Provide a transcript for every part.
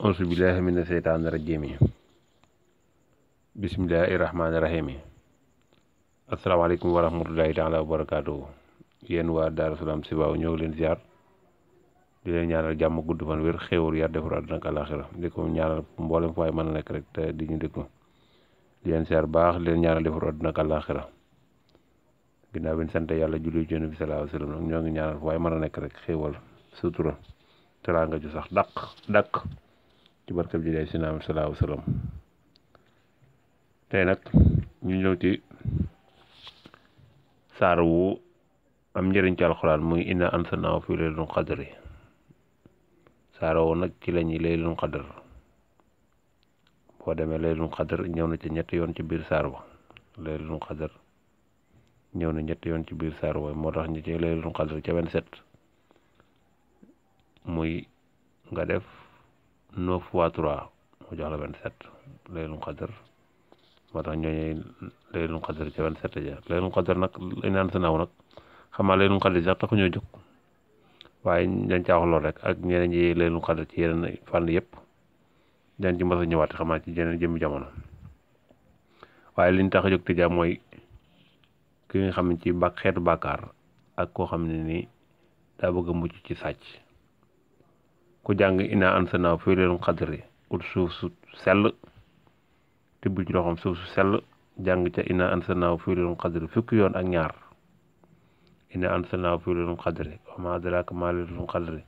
auzu billaahi mina seytaani rajiim yi bismillaahi rahmaani rahiim yi asalaamaaleykum wa rahmatulaahi barakaatu yéen waa Daaru Salaam Sibaaw ñoo leen ziar di leen ñaanal jàmm gudd fan wér xéewal yar defar àdduna ak àlaaxira di ko ñaanal mboolem fay mën a nekk rek te di ñu déglu di leen ziar baax leen ñaanal defar àdduna ak àlaaxira ginnaaw sant yàlla julli jën bi salaahu alayhi ñoo ngi ñaanal fay mën a nekk rek xéewal sutura teraanga ju sax dàq dàq. ci barkab ji day si naam salaahu salaam tey nag ñu ñëw ci saar wu am njariñ ci alxuraan muy inna anzalnaahu fi laylatul qadri saar woo nag ci la ñuy laylatul qadr boo demee lu laylatul qadr ñëw na ci ñetti yoon ci biir saar wa laylatul qadr ñëw na ñetti yoon ci biir saar wa moo tax ñu lu laylatul qadr ca 27 muy nga def neuf fois trois mu jox la vingt sept laylatul qadr moo tax ñooñu laylatul qadr ca vingt sept ja laylatul qadr nag lañ naan sanaaw nag xam naa laylatul qadr sax taxu ñoo jóg waaye dañ ca wax lool rek ak ñeneen ñi laylatul qadr ci yeneen fànn yëpp dañ ci mos a ñëwaat ci yeneen jëmmi jamono waaye liñ tax a jóg tijaa mooy ki xam ci bàkk xeetu ak koo xam ne nii daa bëgg mucc ci sàcc ku jàng ina ansana fii leen xadri ut suuf su sell tibb ci loxoom suuf sell jàng ca ina ansanaaw fii leen xadri fukki yoon ak ñaar ina ansanaaw fii leen xadri wama adraka ma laylatul xadri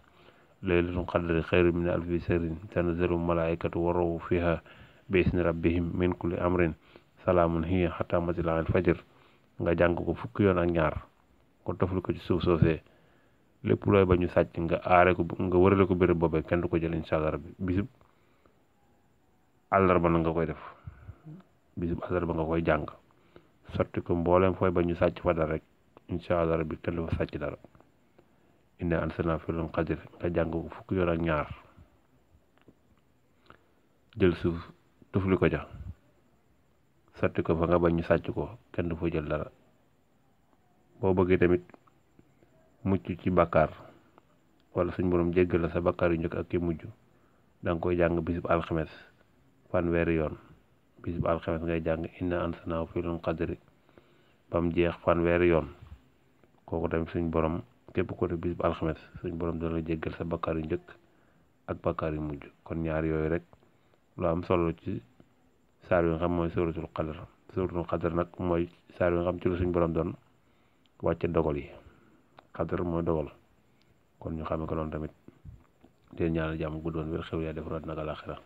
laylatul xadri xayru min alfi sërin tanazzalu malaikatu waruhu fiha bi rabbihim min kulli amrin salaamun hiya xataa matla'il fajr nga jàng ko fukki yoon ak ñaar ko toflu ko suuf soosee lépp looy ba ñu sàcc nga aare ko nga warale ko béréb boobee kenn du ko jël incha allah rabbi bisub àllarba na nga koy def bisub àllarba nga koy jàng sotti ko mbooleem fooy ba ñu sàcc fa dara rek incha allah rabbi kenn du fa sàcc dara inna anzalnaahu fii laylatil qadr nga jàng ko ñaar jël suuf tufli ko ja sotti ko fa nga ba ñu sàcc ko kenn du fa jël dara boo bëggee tamit. mucc ci bàkkaar wala suñ borom jéggal la sa bàkkaar yu njëkk ak ki mujj danga koy jàng bisub alxames fanweeri yoon bisub alxames ngay jàng ina sa naaw ansanaahu fi lul qadri bam jeex fanweeri yoon kooku tamit suñ borom képp ko def bisub alxames suñ borom dana la jéggal sa bàkkaar yu njëkk ak bàkkaar yu mujj kon ñaar yooyu rek lu am solo ci saar wi nga xam mooy suratul qadar suratul qadar nag mooy saar wi nga xam ci la suñ borom doon wàcce dogal yi xadar mooy dogal kon ñu xamee ko noonu tamit di ñaanal jàmm guddoon wér xew yaa def root nag alaxira